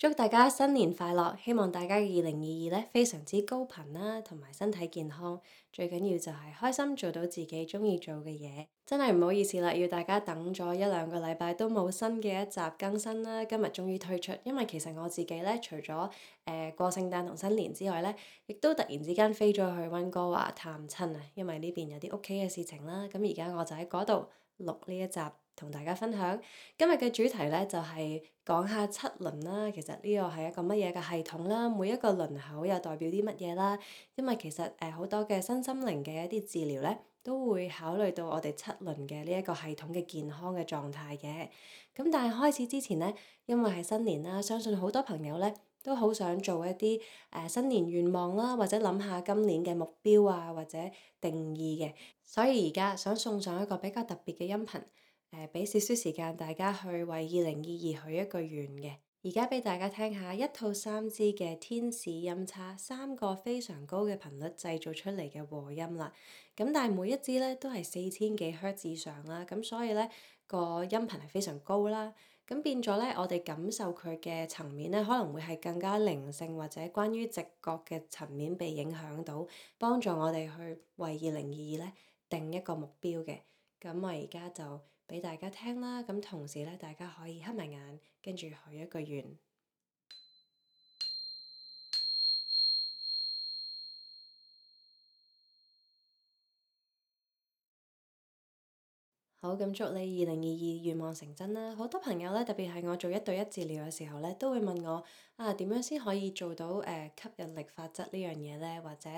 祝大家新年快樂，希望大家嘅二零二二咧非常之高頻啦，同埋身體健康，最緊要就係開心做到自己鍾意做嘅嘢。真係唔好意思啦，要大家等咗一兩個禮拜都冇新嘅一集更新啦，今日終於推出。因為其實我自己咧，除咗誒、呃、過聖誕同新年之外咧，亦都突然之間飛咗去，去溫哥華探親啊，因為呢邊有啲屋企嘅事情啦。咁而家我就喺嗰度錄呢一集。同大家分享今日嘅主題咧，就係講下七輪啦。其實呢個係一個乜嘢嘅系統啦，每一個輪口又代表啲乜嘢啦？因為其實誒好多嘅身心靈嘅一啲治療咧，都會考慮到我哋七輪嘅呢一個系統嘅健康嘅狀態嘅。咁但係開始之前咧，因為係新年啦，相信好多朋友咧都好想做一啲誒新年願望啦，或者諗下今年嘅目標啊，或者定義嘅。所以而家想送上一個比較特別嘅音頻。誒，俾少少時間大家去為二零二二許一個願嘅。而家俾大家聽下一套三支嘅天使音叉，三個非常高嘅頻率製造出嚟嘅和音啦。咁但係每一支咧都係四千幾赫茲上啦，咁所以咧，個音頻係非常高啦。咁變咗咧，我哋感受佢嘅層面咧，可能會係更加靈性或者關於直覺嘅層面被影響到，幫助我哋去為二零二二咧定一個目標嘅。咁我而家就。俾大家聽啦，咁同時咧，大家可以黑埋眼，跟住許一個願。好，咁祝你二零二二願望成真啦！好多朋友咧，特別係我做一對一治療嘅時候咧，都會問我啊，點樣先可以做到誒、呃、吸引力法則呢樣嘢咧？或者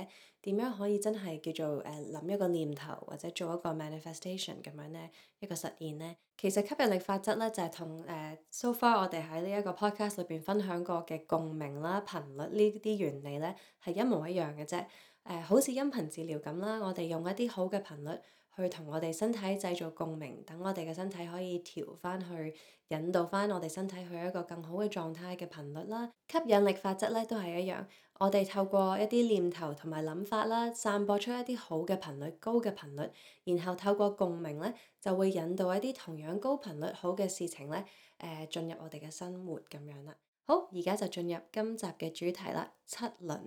點樣可以真係叫做誒諗、呃、一個念頭或者做一個 manifestation 咁樣咧一個實現咧？其實吸引力法則咧就係同誒 so far 我哋喺呢一個 podcast 裏邊分享過嘅共鳴啦、頻率呢啲原理咧係一模一樣嘅啫。誒、呃、好似音頻治療咁啦，我哋用一啲好嘅頻率。去同我哋身體製造共鳴，等我哋嘅身體可以調翻去，引導翻我哋身體去一個更好嘅狀態嘅頻率啦。吸引力法則咧都係一樣，我哋透過一啲念頭同埋諗法啦，散播出一啲好嘅頻率、高嘅頻率，然後透過共鳴咧，就會引導一啲同樣高頻率好嘅事情咧，誒、呃，進入我哋嘅生活咁樣啦。好，而家就進入今集嘅主題啦，七輪。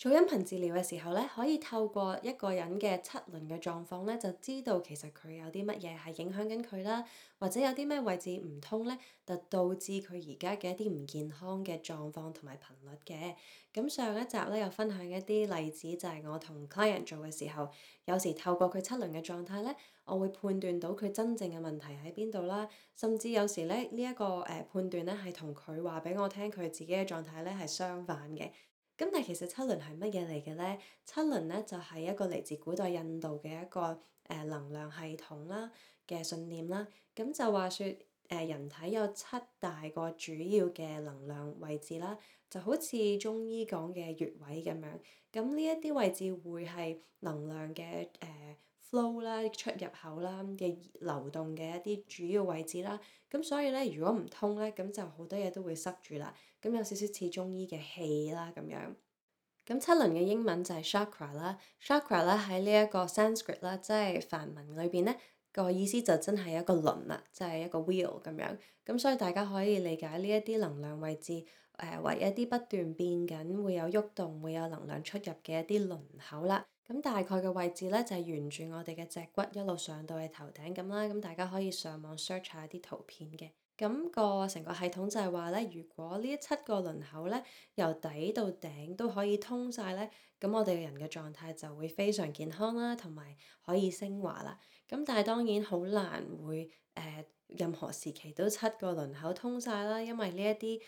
做音頻治療嘅時候咧，可以透過一個人嘅七輪嘅狀況咧，就知道其實佢有啲乜嘢係影響緊佢啦，或者有啲咩位置唔通咧，就導致佢而家嘅一啲唔健康嘅狀況同埋頻率嘅。咁上一集咧，有分享一啲例子，就係我同 client 做嘅時候，有時透過佢七輪嘅狀態咧，我會判斷到佢真正嘅問題喺邊度啦。甚至有時咧，呢一個誒判斷咧，係同佢話俾我聽佢自己嘅狀態咧，係相反嘅。咁但係其實七輪係乜嘢嚟嘅咧？七輪咧就係一個嚟自古代印度嘅一個誒能量系統啦嘅信念啦。咁就話説誒人體有七大個主要嘅能量位置啦，就好似中醫講嘅穴位咁樣。咁呢一啲位置會係能量嘅誒 flow 啦、出入口啦嘅流動嘅一啲主要位置啦。咁所以咧，如果唔通咧，咁就好多嘢都會塞住啦。咁有少少似中醫嘅氣啦咁樣，咁七輪嘅英文就係 chakra 啦，chakra 咧喺呢一個 Sanskrit 啦，akra, krit, 即係梵文裏邊咧個意思就真係一個輪啦，即係一個 wheel 咁樣，咁所以大家可以理解呢一啲能量位置，誒、呃、為一啲不斷變緊會有喐動，動，會有能量出入嘅一啲輪口啦。咁大概嘅位置咧就係、是、沿住我哋嘅脊骨一路上到去頭頂咁啦，咁大家可以上網 search 下啲圖片嘅。咁個成個系統就係話咧，如果呢一七個輪口咧，由底到頂都可以通晒咧，咁我哋嘅人嘅狀態就會非常健康啦，同埋可以升華啦。咁但係當然好難會誒、呃，任何時期都七個輪口通晒啦，因為輪呢一啲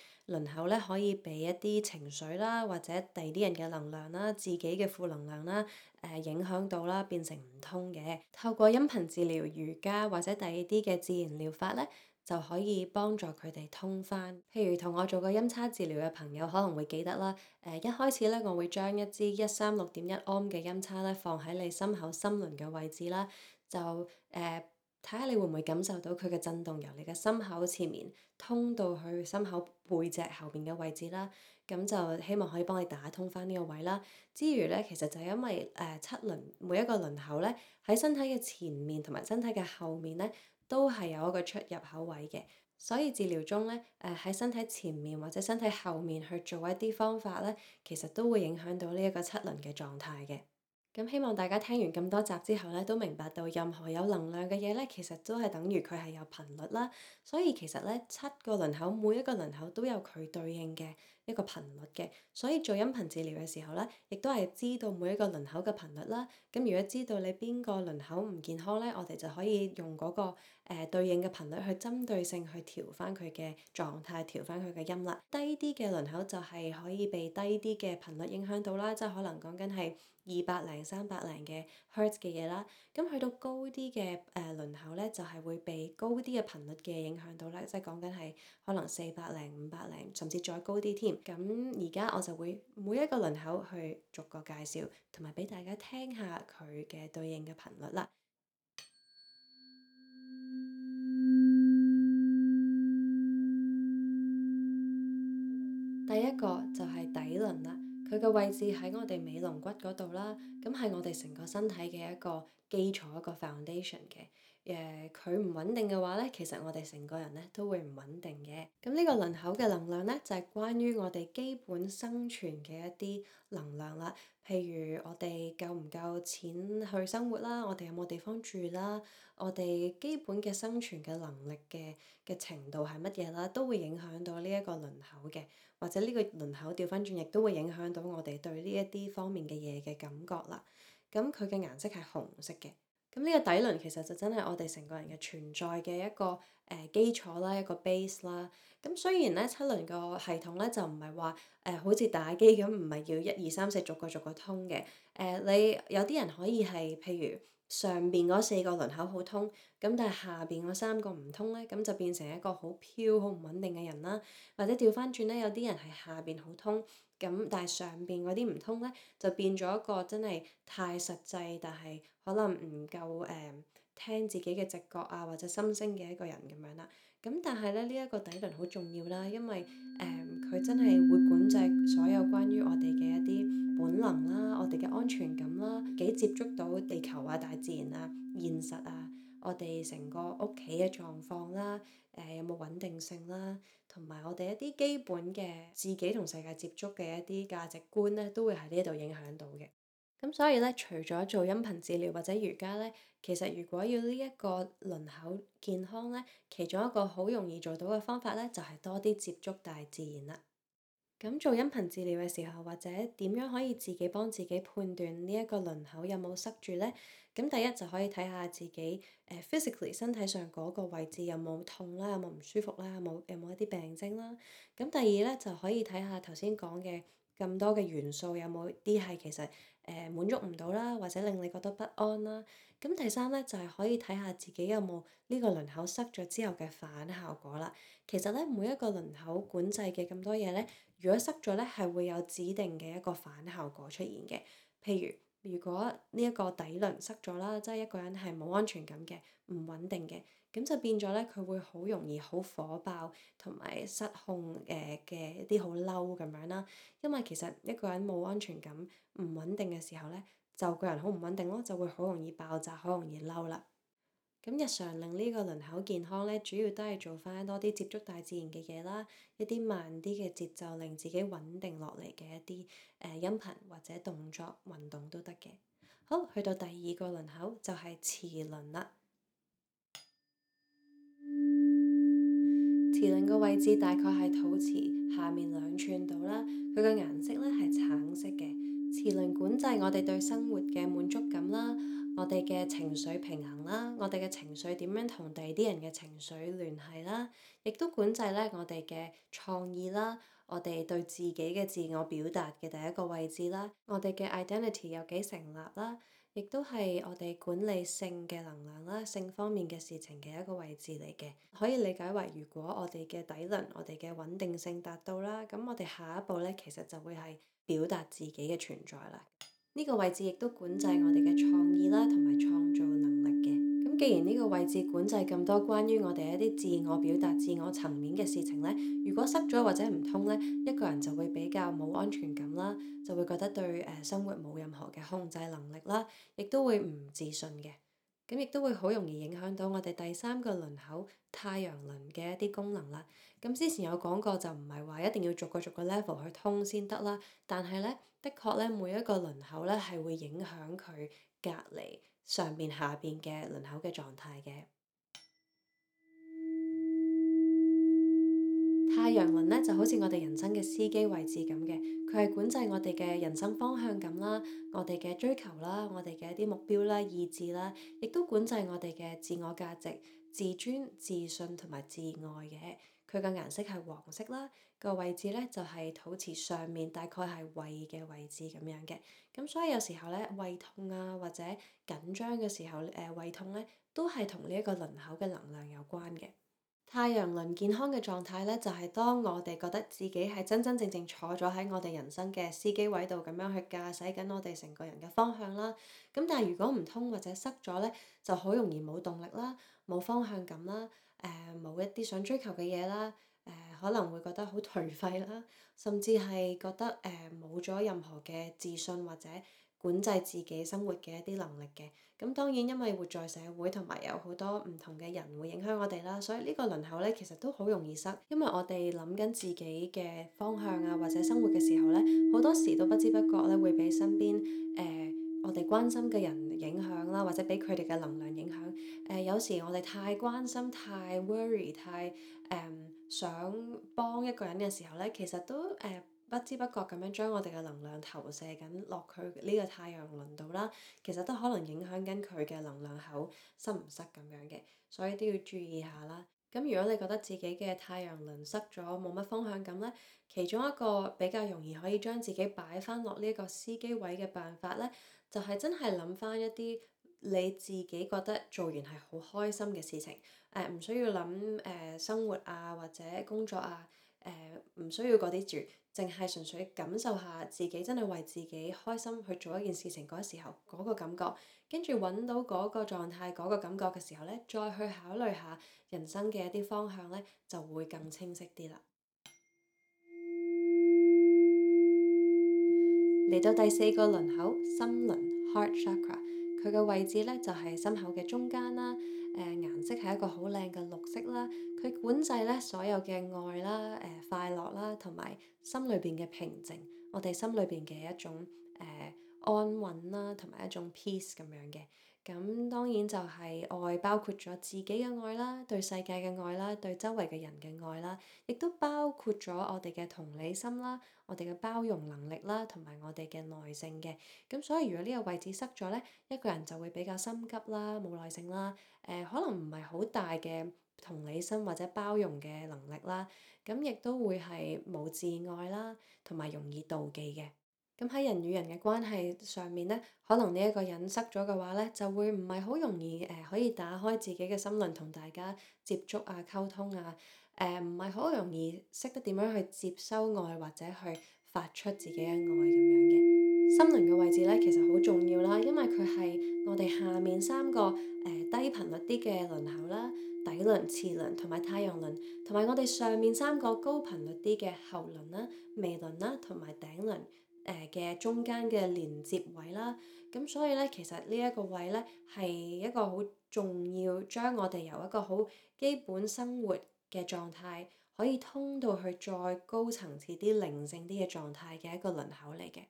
輪口咧可以畀一啲情緒啦，或者第二啲人嘅能，能量啦、自己嘅負能量啦誒影響到啦，變成唔通嘅。透過音頻治療、瑜伽或者第二啲嘅自然療法咧。就可以幫助佢哋通返。譬如同我做過音叉治療嘅朋友可能會記得啦。誒、呃，一開始咧，我會將一支一三六點一 OM 嘅音叉咧放喺你心口心輪嘅位置啦。就誒，睇、呃、下你會唔會感受到佢嘅震動由你嘅心口前面通到去心口背脊後面嘅位置啦。咁就希望可以幫你打通返呢個位啦。之餘咧，其實就係因為誒、呃、七輪每一個輪口咧，喺身體嘅前面同埋身體嘅後面咧。都係有一個出入口位嘅，所以治療中咧，誒喺身體前面或者身體後面去做一啲方法咧，其實都會影響到呢一個七輪嘅狀態嘅。咁希望大家聽完咁多集之後咧，都明白到任何有能量嘅嘢咧，其實都係等於佢係有頻率啦。所以其實咧，七個輪口，每一個輪口都有佢對應嘅一個頻率嘅，所以做音頻治療嘅時候咧，亦都係知道每一個輪口嘅頻率啦。咁如果知道你邊個輪口唔健康咧，我哋就可以用嗰個誒對應嘅頻率去針對性去調翻佢嘅狀態，調翻佢嘅音啦。低啲嘅輪口就係可以被低啲嘅頻率影響到啦，即係可能講緊係二百零三百零嘅。Hertz 嘅嘢啦，咁去到高啲嘅誒輪口呢，就係會被高啲嘅頻率嘅影響到啦，即係講緊係可能四百零五百零，甚至再高啲添。咁而家我就會每一個輪口去逐個介紹，同埋俾大家聽下佢嘅對應嘅頻率啦。個位置喺我哋尾龍骨嗰度啦，咁係我哋成個身體嘅一個基礎，一個 foundation 嘅。誒佢唔穩定嘅話咧，其實我哋成個人咧都會唔穩定嘅。咁呢個輪口嘅能量咧，就係關於我哋基本生存嘅一啲能量啦。譬如我哋夠唔夠錢去生活啦，我哋有冇地方住啦，我哋基本嘅生存嘅能力嘅嘅程度係乜嘢啦，都會影響到呢一個輪口嘅，或者呢個輪口掉翻轉，亦都會影響到我哋對呢一啲方面嘅嘢嘅感覺啦。咁佢嘅顏色係紅色嘅。咁呢個底輪其實就真係我哋成個人嘅存在嘅一個誒、呃、基礎啦，一個 base 啦。咁雖然咧七輪個系統咧就唔係話誒好似打機咁，唔係要一二三四逐個、逐個逐個通嘅。誒、呃，你有啲人可以係譬如上邊嗰四個輪口好通，咁但係下邊嗰三個唔通咧，咁就變成一個好飄好唔穩定嘅人啦。或者調翻轉咧，有啲人係下邊好通。咁但係上邊嗰啲唔通呢，就變咗一個真係太實際，但係可能唔夠誒、呃、聽自己嘅直覺啊，或者心聲嘅一個人咁樣啦。咁但係呢，呢、這、一個底輪好重要啦，因為誒佢、呃、真係會管制所有關於我哋嘅一啲本能啦，我哋嘅安全感啦，幾接觸到地球啊、大自然啊、現實啊。我哋成個屋企嘅狀況啦，誒、呃、有冇穩定性啦，同埋我哋一啲基本嘅自己同世界接觸嘅一啲價值觀咧，都會喺呢一度影響到嘅。咁所以咧，除咗做音頻治療或者瑜伽咧，其實如果要呢一個輪口健康咧，其中一個好容易做到嘅方法咧，就係、是、多啲接觸大自然啦。咁做音頻治療嘅時候，或者點樣可以自己幫自己判斷呢一個輪口有冇塞住咧？咁第一就可以睇下自己誒、uh, physically 身體上嗰個位置有冇痛啦、啊，有冇唔舒服啦、啊，有冇有冇一啲病徵啦、啊。咁第二咧就可以睇下頭先講嘅咁多嘅元素有冇啲係其實。誒、呃、滿足唔到啦，或者令你覺得不安啦。咁第三咧就係、是、可以睇下自己有冇呢個輪口塞咗之後嘅反效果啦。其實咧每一個輪口管制嘅咁多嘢咧，如果塞咗咧係會有指定嘅一個反效果出現嘅。譬如如果呢一個底輪塞咗啦，即、就、係、是、一個人係冇安全感嘅，唔穩定嘅。咁就變咗咧，佢會好容易好火爆同埋失控，誒嘅一啲好嬲咁樣啦。因為其實一個人冇安全感、唔穩定嘅時候咧，就個人好唔穩定咯，就會好容易爆炸，好容易嬲啦。咁日常令呢個輪口健康咧，主要都係做翻多啲接觸大自然嘅嘢啦，一啲慢啲嘅節奏令自己穩定落嚟嘅一啲誒音頻或者動作運動都得嘅。好，去到第二個輪口就係、是、臍輪啦。臍輪嘅位置大概係肚臍下面兩寸度啦，佢嘅顏色咧係橙色嘅。臍輪管制我哋對生活嘅滿足感啦，我哋嘅情緒平衡啦，我哋嘅情緒點樣同第二啲人嘅情緒聯繫啦，亦都管制咧我哋嘅創意啦，我哋對自己嘅自我表達嘅第一個位置啦，我哋嘅 identity 有幾成立啦。亦都係我哋管理性嘅能量啦，性方面嘅事情嘅一個位置嚟嘅，可以理解為如果我哋嘅底輪，我哋嘅穩定性達到啦，咁我哋下一步呢，其實就會係表達自己嘅存在啦。呢個位置亦都管制我哋嘅創意啦，同埋創造能。既然呢個位置管制咁多，關於我哋一啲自我表達、自我層面嘅事情咧，如果塞咗或者唔通咧，一個人就會比較冇安全感啦，就會覺得對誒生活冇任何嘅控制能力啦，亦都會唔自信嘅，咁亦都會好容易影響到我哋第三個輪口太陽輪嘅一啲功能啦。咁之前有講過，就唔係話一定要逐個逐個 level 去通先得啦，但係咧，的確咧，每一個輪口咧係會影響佢隔籬。上面下面嘅輪口嘅狀態嘅太陽輪咧，就好似我哋人生嘅司機位置咁嘅，佢係管制我哋嘅人生方向咁啦，我哋嘅追求啦，我哋嘅一啲目標啦、意志啦，亦都管制我哋嘅自我價值、自尊、自信同埋自愛嘅。佢嘅顏色係黃色啦。個位置咧就係肚臍上面，大概係胃嘅位置咁樣嘅。咁所以有時候咧胃痛啊或者緊張嘅時候，誒、呃、胃痛咧都係同呢一個輪口嘅能量有關嘅。太陽輪健康嘅狀態咧，就係、是、當我哋覺得自己係真真正正坐咗喺我哋人生嘅司機位度咁樣去駕駛緊我哋成個人嘅方向啦。咁但係如果唔通或者塞咗咧，就好容易冇動力啦，冇方向感啦，誒、呃、冇一啲想追求嘅嘢啦。呃、可能會覺得好頹廢啦，甚至係覺得誒冇咗任何嘅自信或者管制自己生活嘅一啲能力嘅。咁、嗯、當然，因為活在社會同埋有好多唔同嘅人會影響我哋啦，所以呢個輪候呢，其實都好容易塞，因為我哋諗緊自己嘅方向啊，或者生活嘅時候呢，好多時都不知不覺咧會俾身邊誒。呃我哋關心嘅人影響啦，或者俾佢哋嘅能量影響。誒、呃、有時我哋太關心、太 worry 太、太、呃、誒想幫一個人嘅時候咧，其實都誒、呃、不知不覺咁樣將我哋嘅能量投射緊落佢呢個太陽輪度啦。其實都可能影響緊佢嘅能量口塞唔塞咁樣嘅，所以都要注意下啦。咁如果你覺得自己嘅太陽輪塞咗冇乜方向感咧，其中一個比較容易可以將自己擺翻落呢一個司機位嘅辦法咧，就係真係諗翻一啲你自己覺得做完係好開心嘅事情，誒唔需要諗誒、呃、生活啊或者工作啊，誒、呃、唔需要嗰啲住，淨係純粹感受下自己真係為自己開心去做一件事情嗰時候嗰、嗰個感覺，跟住揾到嗰個狀態嗰個感覺嘅時候呢，再去考慮下人生嘅一啲方向呢，就會更清晰啲啦。嚟到第四個輪口，心輪 Heart Chakra，佢嘅位置咧就係、是、心口嘅中間啦。誒、呃，顏色係一個好靚嘅綠色啦。佢管制咧所有嘅愛啦、誒、呃、快樂啦，同埋心裏邊嘅平靜，我哋心裏邊嘅一種誒、呃、安穩啦，同埋一種 peace 咁樣嘅。咁當然就係愛，包括咗自己嘅愛啦，對世界嘅愛啦，對周圍嘅人嘅愛啦，亦都包括咗我哋嘅同理心啦，我哋嘅包容能力啦，同埋我哋嘅耐性嘅。咁所以如果呢個位置塞咗呢，一個人就會比較心急啦，冇耐性啦，誒、呃、可能唔係好大嘅同理心或者包容嘅能力啦，咁亦都會係冇自愛啦，同埋容易妒忌嘅。咁喺人與人嘅關係上面咧，可能呢一個隱塞咗嘅話咧，就會唔係好容易誒、呃、可以打開自己嘅心輪同大家接觸啊、溝通啊，誒唔係好容易識得點樣去接收愛或者去發出自己嘅愛。咁樣嘅心輪嘅位置咧，其實好重要啦，因為佢係我哋下面三個誒、呃、低頻率啲嘅輪口啦，底輪、次輪同埋太陽輪，同埋我哋上面三個高頻率啲嘅喉輪啦、眉輪啦同埋頂輪。誒嘅中間嘅連接位啦，咁所以咧，其實呢一個位咧係一個好重要，將我哋由一個好基本生活嘅狀態，可以通到去再高層次啲、靈性啲嘅狀態嘅一個輪口嚟嘅。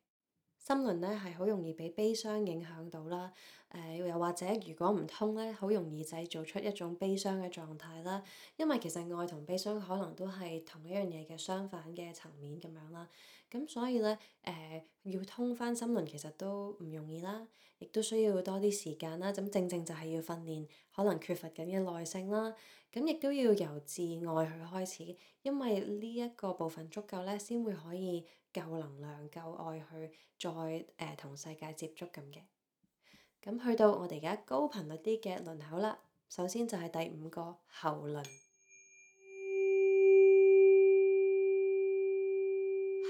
心輪咧係好容易俾悲傷影響到啦，誒、呃、又或者如果唔通咧，好容易製造出一種悲傷嘅狀態啦。因為其實愛同悲傷可能都係同一樣嘢嘅相反嘅層面咁樣啦。咁所以咧，誒、呃、要通翻心輪其實都唔容易啦，亦都需要多啲時間啦。咁正正就係要訓練可能缺乏緊嘅耐性啦。咁亦都要由自愛去開始，因為呢一個部分足夠咧，先會可以。夠能量，夠愛去再誒、呃、同世界接觸咁嘅。咁去到我哋而家高頻率啲嘅輪口啦。首先就係第五個喉輪，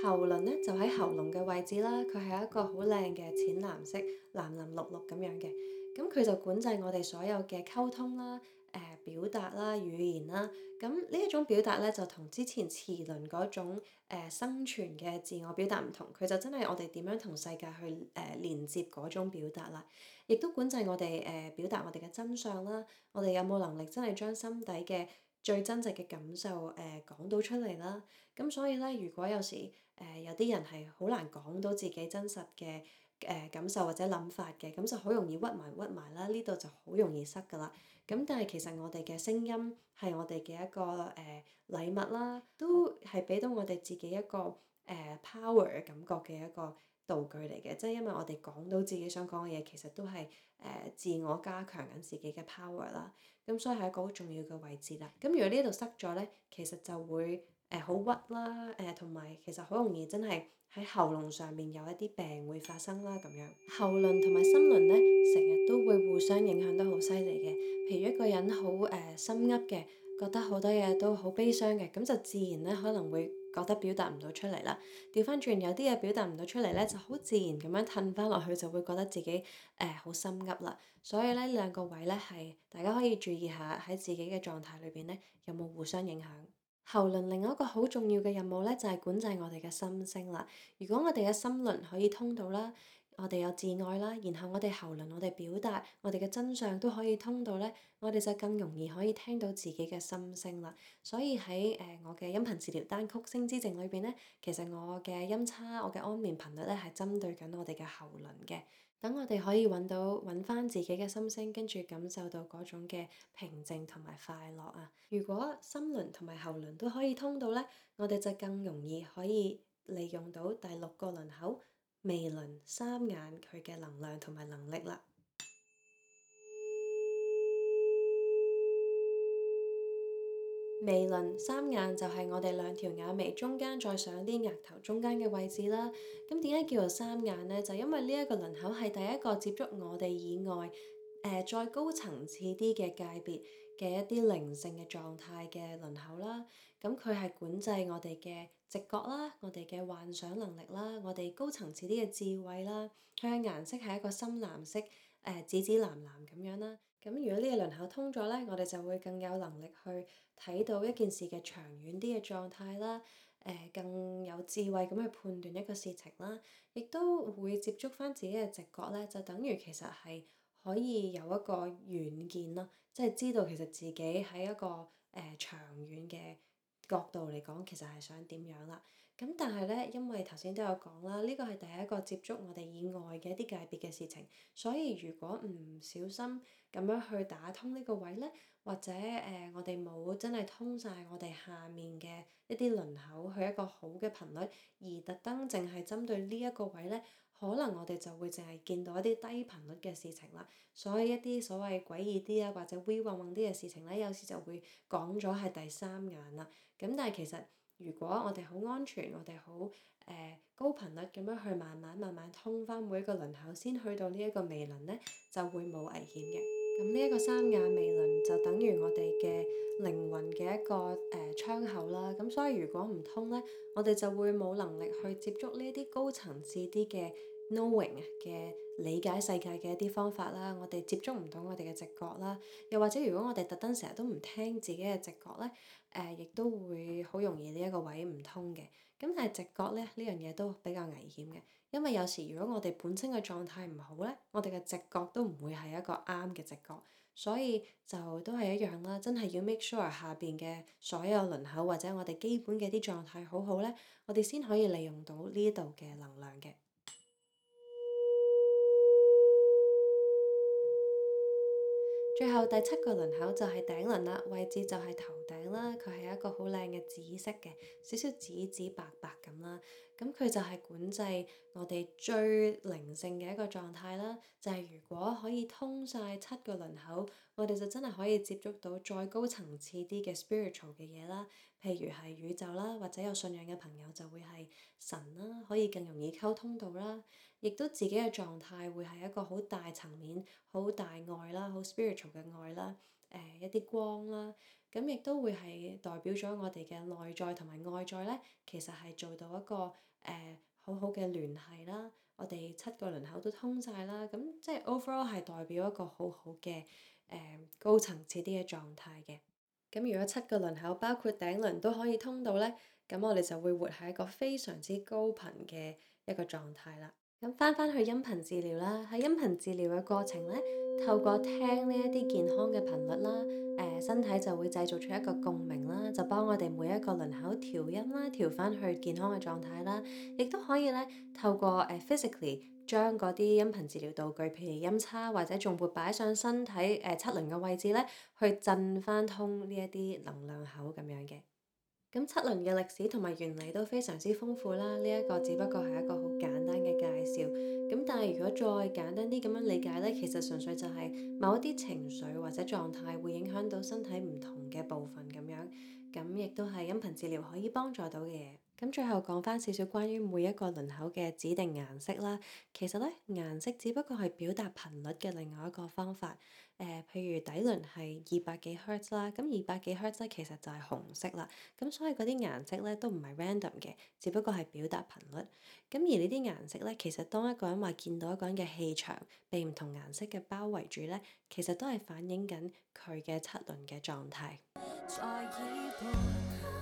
喉輪呢就喺喉嚨嘅位置啦。佢係一個好靚嘅淺藍色，藍藍綠綠咁樣嘅。咁佢就管制我哋所有嘅溝通啦。誒、呃、表達啦，語言啦，咁呢一種表達咧，就同之前臍輪嗰種、呃、生存嘅自我表達唔同，佢就真係我哋點樣同世界去誒、呃、連接嗰種表達啦，亦都管制我哋誒、呃、表達我哋嘅真相啦，我哋有冇能力真係將心底嘅最真實嘅感受誒、呃、講到出嚟啦？咁所以咧，如果有時誒、呃、有啲人係好難講到自己真實嘅誒、呃、感受或者諗法嘅，咁就好容易屈埋屈埋啦，呢度就好容易塞噶啦。咁但係其實我哋嘅聲音係我哋嘅一個誒、呃、禮物啦，都係俾到我哋自己一個誒、呃、power 嘅感覺嘅一個道具嚟嘅，即係因為我哋講到自己想講嘅嘢，其實都係誒、呃、自我加強緊自己嘅 power 啦，咁所以係一個好重要嘅位置啦。咁如果呢度塞咗咧，其實就會。誒好、呃、屈啦，誒同埋其實好容易真係喺喉嚨上面有一啲病會發生啦，咁樣喉輪同埋心輪咧，成日都會互相影響得好犀利嘅。譬如一個人好誒、呃、心噏嘅，覺得好多嘢都好悲傷嘅，咁就自然咧可能會覺得表達唔到出嚟啦。調翻轉有啲嘢表達唔到出嚟咧，就好自然咁樣褪翻落去，就會覺得自己誒好、呃、心噏啦。所以咧兩個位咧係大家可以注意下喺自己嘅狀態裏邊咧有冇互相影響。喉輪另外一個好重要嘅任務咧，就係管制我哋嘅心聲啦。如果我哋嘅心輪可以通到啦，我哋有自愛啦，然後我哋喉輪我哋表達我哋嘅真相都可以通到咧，我哋就更容易可以聽到自己嘅心聲啦。所以喺誒我嘅音頻治療單曲聲之靜裏邊咧，其實我嘅音叉我嘅安眠頻率咧，係針對緊我哋嘅喉輪嘅。等我哋可以揾到揾翻自己嘅心聲，跟住感受到嗰種嘅平靜同埋快樂啊！如果心輪同埋喉輪都可以通到咧，我哋就更容易可以利用到第六個輪口，眉輪，三眼佢嘅能量同埋能力啦。眉輪三眼就係我哋兩條眼眉中間再上啲額頭中間嘅位置啦。咁點解叫做三眼呢？就是、因為呢一個輪口係第一個接觸我哋以外，誒、呃、再高層次啲嘅界別嘅一啲靈性嘅狀態嘅輪口啦。咁佢係管制我哋嘅直覺啦，我哋嘅幻想能力啦，我哋高層次啲嘅智慧啦。佢嘅顏色係一個深藍色，誒、呃、紫紫藍藍咁樣啦。咁如果呢個輪口通咗咧，我哋就會更有能力去睇到一件事嘅長遠啲嘅狀態啦，誒、更有智慧咁去判斷一個事情啦，亦都會接觸返自己嘅直覺咧，就等於其實係可以有一個遠見咯，即係知道其實自己喺一個誒、長遠嘅角度嚟講，其實係想點樣啦。咁但係咧，因為頭先都有講啦，呢、這個係第一個接觸我哋以外嘅一啲界別嘅事情，所以如果唔小心咁樣去打通呢個位咧，或者誒、呃、我哋冇真係通晒我哋下面嘅一啲輪口去一個好嘅頻率，而特登淨係針對呢一個位咧，可能我哋就會淨係見到一啲低頻率嘅事情啦。所以一啲所謂詭異啲啊，或者微混混啲嘅事情咧，有時就會講咗係第三眼啦。咁但係其實，如果我哋好安全，我哋好誒高頻率咁樣去慢慢慢慢通返每一個輪口，先去到呢一個眉輪呢，就會冇危險嘅。咁呢一個三眼眉輪就等於我哋嘅靈魂嘅一個誒、呃、窗口啦。咁所以如果唔通呢，我哋就會冇能力去接觸呢啲高層次啲嘅 knowing 嘅理解世界嘅一啲方法啦，我哋接觸唔到我哋嘅直覺啦，又或者如果我哋特登成日都唔聽自己嘅直覺咧，誒、呃，亦都會好容易呢一個位唔通嘅。咁但係直覺咧，呢樣嘢都比較危險嘅，因為有時如果我哋本身嘅狀態唔好咧，我哋嘅直覺都唔會係一個啱嘅直覺，所以就都係一樣啦。真係要 make sure 下邊嘅所有輪口或者我哋基本嘅啲狀態好好咧，我哋先可以利用到呢度嘅能量嘅。最後第七個輪口就係頂輪啦，位置就係頭頂啦，佢係一個好靚嘅紫色嘅，少少紫紫白白咁啦，咁佢就係管制我哋最靈性嘅一個狀態啦，就係如果可以通晒七個輪口，我哋就真係可以接觸到再高層次啲嘅 spiritual 嘅嘢啦。譬如係宇宙啦，或者有信仰嘅朋友就會係神啦，可以更容易溝通到啦，亦都自己嘅狀態會係一個好大層面、好大愛啦、好 spiritual 嘅愛啦，誒、呃、一啲光啦，咁亦都會係代表咗我哋嘅內在同埋外在咧，其實係做到一個誒、呃、好好嘅聯繫啦，我哋七個輪口都通晒啦，咁即係 overall 係代表一個好好嘅誒高層次啲嘅狀態嘅。咁如果七個輪口包括頂輪都可以通到呢，咁我哋就會活喺一個非常之高頻嘅一個狀態啦。咁返返去音頻治療啦，喺音頻治療嘅過程呢，透過聽呢一啲健康嘅頻率啦，誒身體就會製造出一個共鳴啦，就幫我哋每一個輪口調音啦，調返去健康嘅狀態啦，亦都可以呢，透過誒 physically。將嗰啲音頻治療道具，譬如音叉或者仲會擺上身體誒、呃、七輪嘅位置咧，去震翻通呢一啲能量口咁樣嘅。咁七輪嘅歷史同埋原理都非常之豐富啦。呢、這、一個只不過係一個好簡單嘅介紹。咁但係如果再簡單啲咁樣理解咧，其實純粹就係某一啲情緒或者狀態會影響到身體唔同嘅部分咁樣，咁亦都係音頻治療可以幫助到嘅嘢。咁最後講返少少關於每一個輪口嘅指定顏色啦，其實咧顏色只不過係表達頻率嘅另外一個方法。誒、呃，譬如底輪係二百幾赫茲啦，咁二百幾赫茲咧其實就係紅色啦。咁所以嗰啲顏色咧都唔係 random 嘅，只不過係表達頻率。咁而呢啲顏色咧，其實當一個人話見到一個人嘅氣場被唔同顏色嘅包圍住咧，其實都係反映緊佢嘅七輪嘅狀態。